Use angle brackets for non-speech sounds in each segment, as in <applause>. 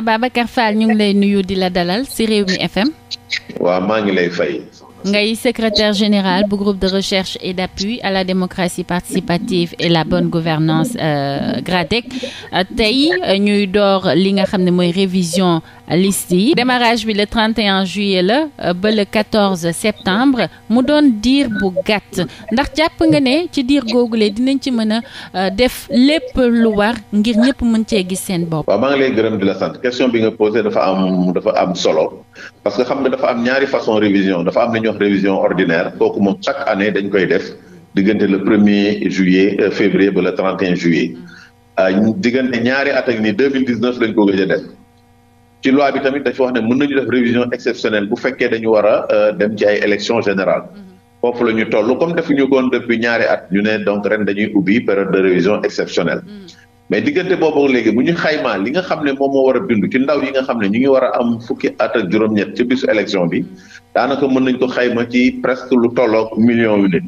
Ababacar Fall ñu ngi lay nuyu di la dalal ci Rewmi FM. waaw maa ngi lay fay. ngay secrétaire général bu groupe de recherche et d'appui à la démocratie participative et la bonne gouvernance euh, GRADEC euh, tey euh, ñuy door li nga xam ne mooy révision. liste yi démarrage bi le 31 juillet la euh, ba le 14 septembre mu doon diir bu gàtt ndax jàpp nga ne ci diir googule dinañ ci mën a euh, def lépp lu war ngir ñëpp mën cee gis seen bopp. waaw maa ngi lay gërëm di la sant question bi nga posé dafa am dafa am solo parce que xam nga dafa am ñaari façon révision dafa am lu ñuy wax révision ordinaire kooku moom chaque année dañ koy def diggante le premier juillet euh, février ba le 31 juillet diggante ñaari at lañ ko gëj a def. ci loi bi tamit dafa wax ne mën nañu def révision exceptionnelle bu fekkee dañu war a euh, dem ci ay élections générales mm-hmm. foofu la ñu toll comme defuñu koon depuis ñaari at ñu ne donc ren dañuy ubbi période de révision exceptionnelle mm-hmm. mais diggante boobu léegi bu ñu xaymaa li nga xam ne moom moo war a bindu ci ndaw yi nga xam ne ñu ngi war a am fukki at ak juróom-ñett ci bisu élection bi daanaka mën nañ ko xayma ci presque lu tolloog million yu nit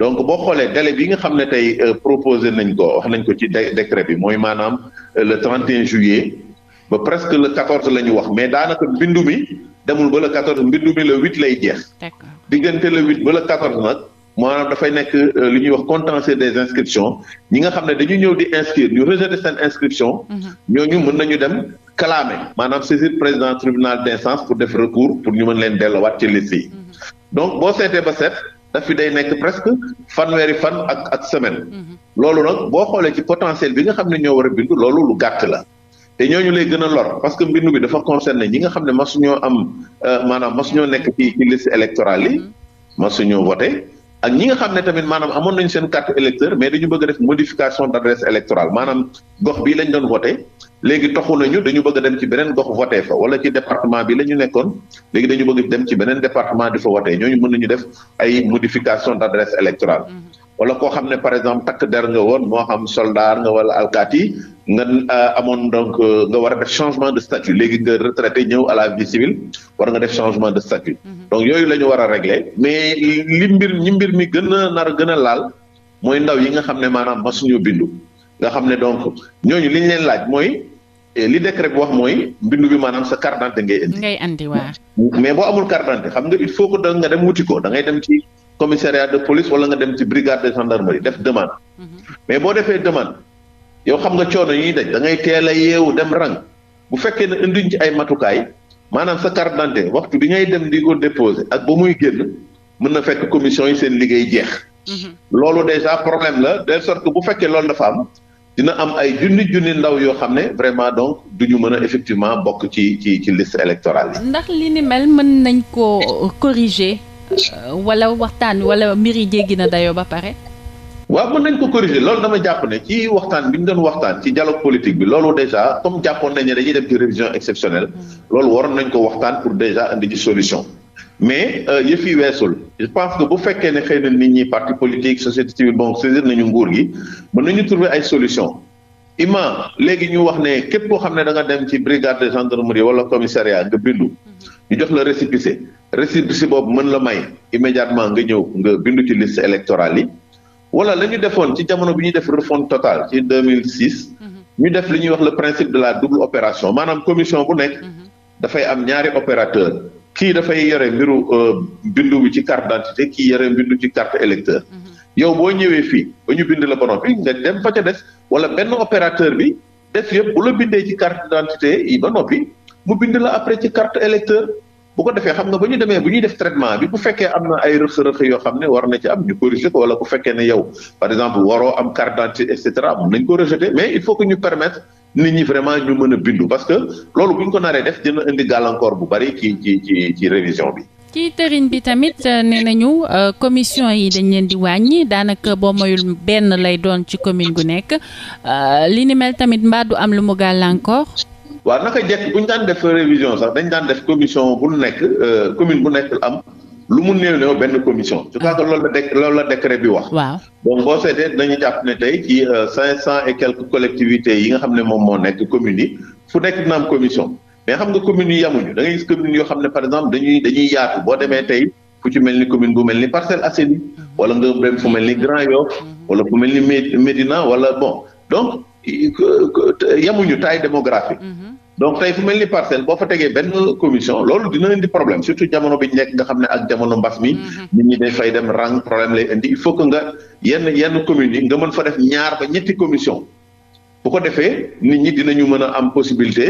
donc boo xoolee délai bi nga xam ne tey euh, proposé nañ ko wax nañ ko ci décret bi mooy maanaam euh, le 31 juillet. ba presque le quatorze la ñu wax mais daanaka mbindu mi demul ba le quatorze mbindu mi le lay jeex. diggante le huit ba le quatorze nag maanaam dafay nekk euh, lu ñuy wax contentieux des inscriptions ñi nga xam ne dañu ñëw di inscrire ñu rejeté seen inscription. Mhm. ñooñu mën nañu dem clamé maanaam saisir président tribunal d'instance pour def recours pour ñu mën leen delluwaat ci liste yi. Mhm. donc boo seetee ba seet daf fi day nekk presque fanweeri fan ak ak semaine. Mhm. loolu nag boo xoolee ci potentiel bi nga xam ne ñoo war a bindu lu gàtt la. te ñooñu lay gën a lor parce que mbindu bi dafa concerné ñi nga xam ne masuñoo am euh, maanaam masuñoo nekk ci ci liste électorale yi mm-hmm. masuñoo voté ak ñi nga xam ne tamit maanaam amoon nañu seen carte électeur mais dañu bëgg def modification d' adresse électorale maanaam gox bii lañ doon voté léegi toxu nañu dañu bëgg dem ci beneen gox voté fa wala ci département bi la ñu nekkoon léegi dañu bëgg dem ci beneen département di fa voté ñooñu mën nañu def ay modification d' adresse électorale mm-hmm. wala koo xam ne par exemple takk der nga woon moo xam soldat nga wala alkaati nga euh, amoon donc euh, nga war a def changement de statut léegi nga retraité ñëw à la vie civile war nga def changement de statut mm-hmm. donc yooyu la ñu war a régler mais li mbir ñi mbir mi gën a nar gën a laal mooy ndaw yi nga xam ne maanaam masuñu bindu nga xam ne donc ñooñu li ñu leen laaj mooy eh, li décret bi wax mooy mbindu bi maanaam sa carte d'identité ngay indi. mais boo amul carte xam nga il faut que da nga dem wuti ko da ngay dem ci commissariat de police wala nga dem ci brigade de gendarmerie mhm. mais boo defee demande yow xam nga coono yi ñuy daj da ngay teel a yeewu dem rang bu fekkee ne indiñ ay matukaay maanaam sa carte waxtu bi ngay dem di ko déposer ak ba muy génn mën na fekk commission yi seen liggéey jeex. Mhm. loolu déjà problème la de sorte que bu fekkee loolu dafa am dina am ay junni junni ndaw yoo xam ne vraiment donc du ñu mën a effectivement bokk ci ci ci liste électorale yi. ndax li ni mel mën nañ ko corriger. Euh, wala waxtaan wala mbir yi jéggi na dayoo ba pare. waa mën nañ ko corriger loolu dama jàpp ne ci waxtaan bi ñu doon waxtaan ci dialogue politique bi loolu déjà comme jàppoon nañ ne dañuy dem ci révision exceptionnelle loolu waroon nañ ko waxtaan pour déjà indi ci solution. mais euh, yëf yi weesul je pense que bu fekkee ne xëy na nit ñi parti politique société civile bon saisir nañu nguur gi mën nañu trouver ay solution ima léegi ñu wax ne képp koo xam ne da nga dem ci brigade de gendarmerie wala commissariat nga bindu ñu jox la récépissé récépissé boobu mën la may immédiatement nga ñëw nga bindu ci liste électorale yi wala la ñu defoon ci jamono bi ñuy def refonte totale ci 2006. Mhm. ñu def li ñuy wax le principe de la double opération maanaam commission bu nekk. Mhm. dafay am ñaari opérateur kii dafay yore mbiru euh, bindu bi ci carte d'identité kii yore électeur mhm. yow boo ñëwee fii ba ñu bind la ba noppi nga dem fa des wala benn opérateur bi def yëpp bu la bindee ci carte d'identité yi ba noppi mu bind la après bu ko defee xam nga ba ñu demee bu ñuy def traitement bi bu fekkee am na ay rëq-rëq yoo xam ne war na ci am ñu corriger ko wala bu fekkee ne yow par exemple waroo am carte d'identité et cetera nañ ko rejeter mais il faut que ñu permettre nit ñi vraiment ñu mën a bindu parce que loolu bu ñu ko naree def dina indi gàllankoor bu bari ci ci ci ci révision bi. ci tërin bi tamit euh, nee nañu euh, commission yi dañ leen di wàññi daanaka boo moyul benn lay doon ci commune gu nekk euh, li ni mel tamit mbaa du am lu mu gàllankoor. waaw naka jekk bu ñu daan def révision sax dañ daan def commission bu nekk euh, commune bu nekk am lu mu néew néew benn commission. je crois que loolu la déc lool la décret bi wax. waaw donc boo seetee dañu jàpp ne tey ci euh, cinq cent et quelques collectivités yi nga xam ne moom moo nekk commune yi fu nekk dina am commission mais xam nga commune yi yamuñu da ngay yoo xam ne par exemple dañuy dañuy yaatu boo demee tey fu ci mel ni commune bu mel ni Parcelles Assainies wala nga dem mel ni Grand wala fu mel ni Médina wala bon donc. yemuñu taille démographique mhm. donc tey fu mel ni parcelle boo fa tegee benn commission loolu dina indi problème surtout jamono bi ñu nekk nga xam ne ak jamono mbas mi mhm. nit ñi day fay dem rang problème lay indi il faut que nga yenn yenn communes yi nga mën fa def ñaar ba ñetti commission bu ko defee nit ñi dina ñu mën a am possibilité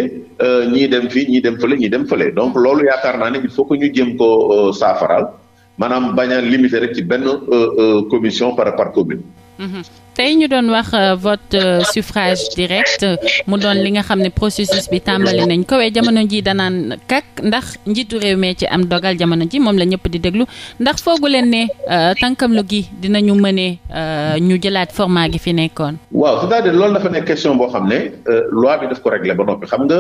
euh, ñii dem fii ñii dem fële ñii dem fële donc loolu yaakaar naa ne il faut que ñu jëm ko euh, saafaral maanaam bañ a limiter rek ci benn euh, commission par par commune Mhm. tey ñu doon wax euh, vote euh, suffrage direct euh, mu doon li nga xam ne processus bi tàmbali nañ ko jamono ji danaan kak ndax njiitu réew mee ci am dogal jamono ji moom la ñëpp di déglu ndax foogu leen ne tànkam lu gi dinañu mënee ñu jëlaat format gi fi nekkoon. waaw c'est-à-dire loolu dafa nekk question boo xam ne loi bi daf ko réglé ba noppi xam nga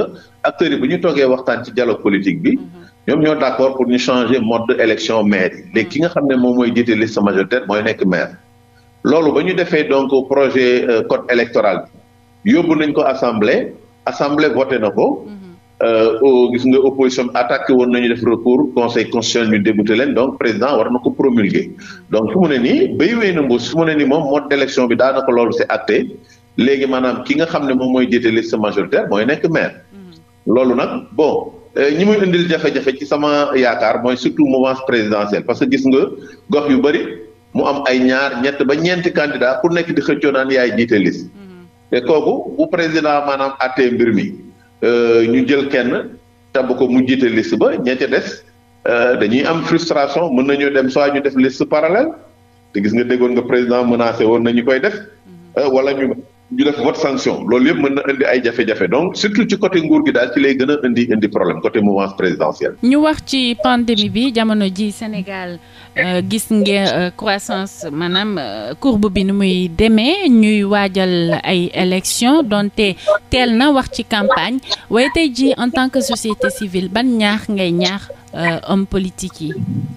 acteurs yi bu ñu toogee waxtaan ci dialogue politique bi. Mhm. ñoom ñoo d'accord pour ñu changer mode d'élection maire yi. ki nga xam ne moom mooy jiite liste majoritaire mooy nekk maire. loolu ba ñu defee donc projet euh, code électoral bi nañ ko assemblée assemblée voté na ko. Mhm. Euh, gis nga opposition bi attaqué woon nañu def recours conseil constitutionnel ñu débouté leen donc président war na ko promulguer donc fu mu ne nii béy wéy na mbuus fu mu ne nii moom mode d'élection bi daanaka loolu c'est acté léegi maanaam ki nga xam ne moom mooy jiite liste majoritaire mooy nekk maire. Mhm. loolu nag bon euh, ñi muy indil jafe-jafe ci sama yaakaar mooy surtout mouvance présidentielle parce que gis nga gox yu bari. mu am ay ñaar ñett ba ñeenti candidat pour nekk di xëccoo naan yaay jiite liste mhm. te kooku bu président maanaam àttee mbir mi euh, ñu jël kenn tabb ko mu jiite liste ba ña ca des euh, dañuy am frustration mën nañu dem soit ñu def liste parallèle te gis nga déggoon nga président menacé woon nañu koy def mhm. euh, wala ñu ñu def vote sanction loolu yëpp mën na indi ay jafe-jafe donc surtout ci côté nguur gi daal ci lay gën a indi indi problème côté mouvance présidentielle. ñu wax ci pandémie bi jamono ji Sénégal euh, gis nga euh, croissance maanaam euh, courbe bi ni muy demee ñuy waajal ay élection donte teel na wax ci campagne waaye tey ji en tant que société civile ban ñaax ngay ñaax. Euh, homme politique yi.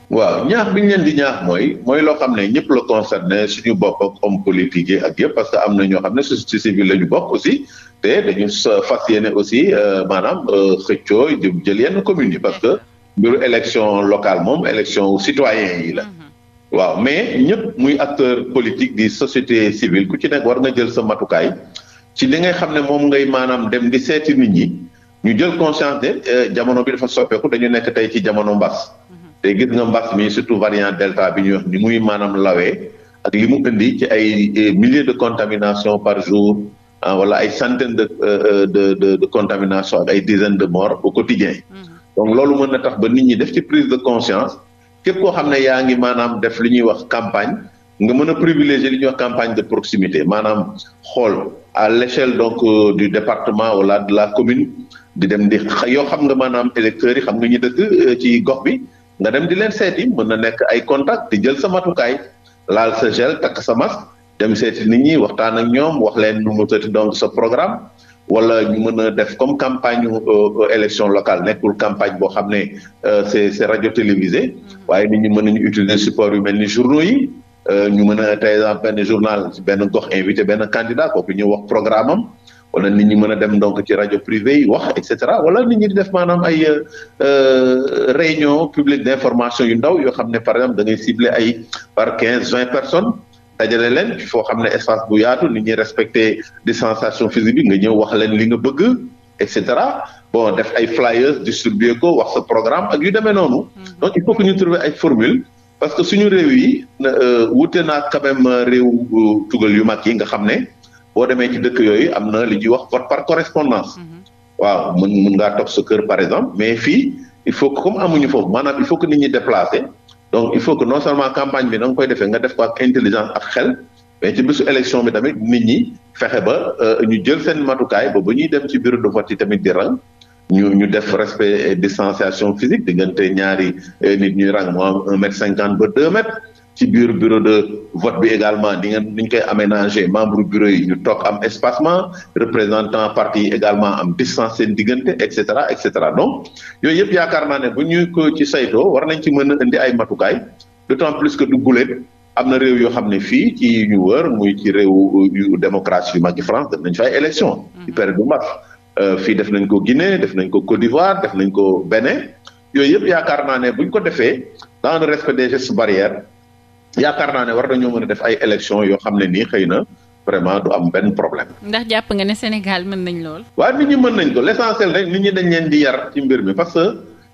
waaw ñaax bi ñu leen di ñaax mooy mooy loo xam ne ñëpp la concerné suñu bopp ak homme politique yi ak yëpp parce que am na ñoo xam ne société civile la ñu bokk aussi te dañu fas yéene aussi euh, maanaam euh, xëccoo jël yenn communes yi parce que mbiru élection locale moom élection citoyen yi la. Mm-hmm. waaw mais ñëpp muy acteur politique di société civile ku ci nekk war nga jël sa matukaay ci li ngay xam ne moom ngay maanaam dem di seeti nit ñi. ñu jël conscience ne euh, jamono bi dafa soppeeku dañu nekk tey ci jamono mbas mhm. te gis nga mbas mi surtout variant delta bi ñuy wax ni muy maanaam lawee ak li mu indi ci ay euh, milliers de contamination par jour ah, wala ay centaines de euh, de de de contamination ak ay dizaines de morts au quotidien mhm. donc loolu mën na tax ba nit ñi def ci prise de conscience képp koo xam ne yaa ngi maanaam def li ñuy wax campagne nga mën a privilégier li ñuy wax campagne de proximité maanaam xool à l'échelle donc du département wala la commune di dem di yoo xam nga maanaam électeurs yi xam nga ñu dëkk euh, ci gox bi nga dem di leen seeti mën na nekk ay contact di jël sa matukaay laal sa gel takk sa masque dem seeti nit ñi waxtaan ak ñoom wax leen nu mu tëdd donc sa programme wala ñu mën a def comme campagne euh, euh, élection locale nekkul campagne boo xam ne c'est c'est radio télévisé waaye nit ñu mën nañu utiliser support yu mel ni journaux yi ñu mën a par exemple benn journal benn gox invité benn candidat kooku ñu wax programme am wala nit ñi mën a dem donc ci rajo privé yi wax et cetera wala nit ñi def maanaam ay euh, euh, réunion publique d'information yu ndaw yoo xam ne par exemple da ngay cibler ay par quinze vingt personnes dajale leen foo xam ne espace bu yaatu nit ñi respecter distanciation physique bi nga ñëw wax leen li nga bëgg et cetera bon def ay flyers distribuer ko wax sa programme ak yu demee noonu. Mm-hmm. donc il faut que ñu trouver ay formule parce que suñu réew yi euh, wute naa quand réew tugal yu mag yi nga xam ne. boo demee ci dëkk yooyu am na li ñuy wax vote par correspondance. Mm-hmm. waaw mën mën ngaa toog sa kër par exemple mais fii il faut comme amuñu foofu maanaam il faut que nit ñi déplacé donc il faut que non seulement campagne bi na nga koy defee nga def ko ak intelligence ak xel. mais ci bésu élection bi tamit nit ñi fexe ba euh, ñu jël seen matukaay ba ba ñuy dem ci bureau de vote yi tamit di rang ñu ñu def respect distanciation physique diggante ñaari euh, nit ñuy rang mu am un ba deux mètres ci biir bureau de vote bi également di ngeen ni ñu koy aménager membre bureau yi ñu toog am espacement représentant parti également am distance seen diggante et cetera et cetera donc yooyu yëpp yaakaar naa ne bu ñu ko ci saytoo war nañ ci mën a indi ay matukaay d'autant plus que du guléet am na réew yoo xam ne fii ci ñu wër muy ci réew yu démocratie yu mag yi France def nañ fay élection mm-hmm. ci période bu mars euh, fii def nañ ko Guinée def nañ ko Côte d'Ivoire def nañ ko Bénin yooyu yëpp yaakaar naa ne buñ ko defee dans le respect des gestes barrières yaakaar naa ne war nañoo mën a def ay élections yoo xam ne nii xëy na vraiment du am benn problème. ndax jàpp nga ne Sénégal mën nañ lool. waaye nit ñi mën nañ ko l' rek nit ñi dañ leen di yar ci mbir mi parce que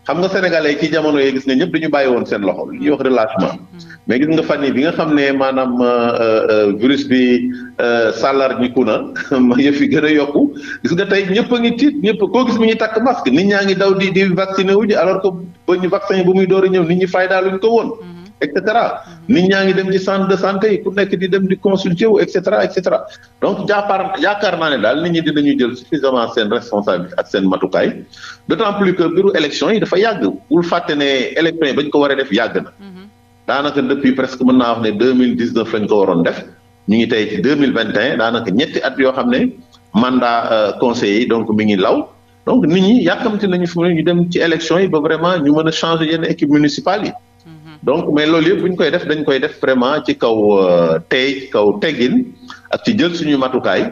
xam nga sénégalais ci jamono yi gis nga ñëpp dañu bàyyi woon seen loxo li ñuy wax relâchement. Mm-hmm. gis nga fan bi nga xam ne maanaam euh, euh, virus bi euh, sàllar ñi ku na <laughs> ma fi yi gën a yokku gis nga tey ñëpp ngi tiit ñëpp koo gis mu ñuy takk masque nit ñaa ngi daw di di vacciné wu ñu alors que ba ñu vaccin bu muy door a ko woon. Mm-hmm. et cetera. nit ñaa ngi dem ci centre de santé yi ku nekk di dem di consulter wu et cetera et cetera donc jàppaar yaakaar naa ne daal nit ñi ñu jël suffisamment seen responsabilité ak seen matukaay d' autant plus que bureau élection yi dafa yàgg bul fàtte ne élection yi bañ ko war a def yàgg na. Mhm. daanaka depuis presque mën naa wax ne deux mille dix neuf lañ ko waroon def ñu ngi tey ci deux mille vingt un daanaka ñetti at yoo xam ne mandat euh, conseil yi donc mi ngi law. donc n ñi yàkkamti nañu fi mu ne ñu dem ci élection yi ba a yi donc mais loolu yëpp bu ñu koy def dañ koy def vraiment ci kaw euh, tey kaw teggin ak ci jël suñu matukaay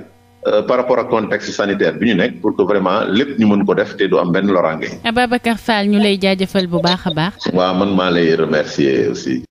euh, par rapport a contexte sanitaire bi ñu nekk pour que vraiment lépp ñu mën ko def te du am benn loraange. Ababacar Fall ñu lay jaajëfal bu baax a baax. waaw man maa lay remercier aussi.